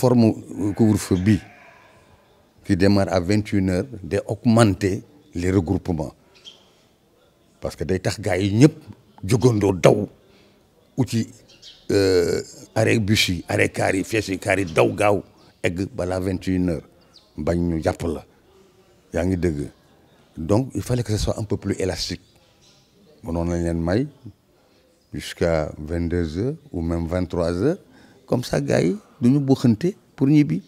forme couvre-feu bi qui démarre à 21h de augmenter les regroupements parce que des tax gars yi ñëpp daw euh, arrêt bus arrêt car yi 21 car daw gaaw egg la donc il fallait que ce soit un peu plus élastique may jusqu'à 22h, ou même 23h, comme ça gaay du ñu buuxante pour ñibbi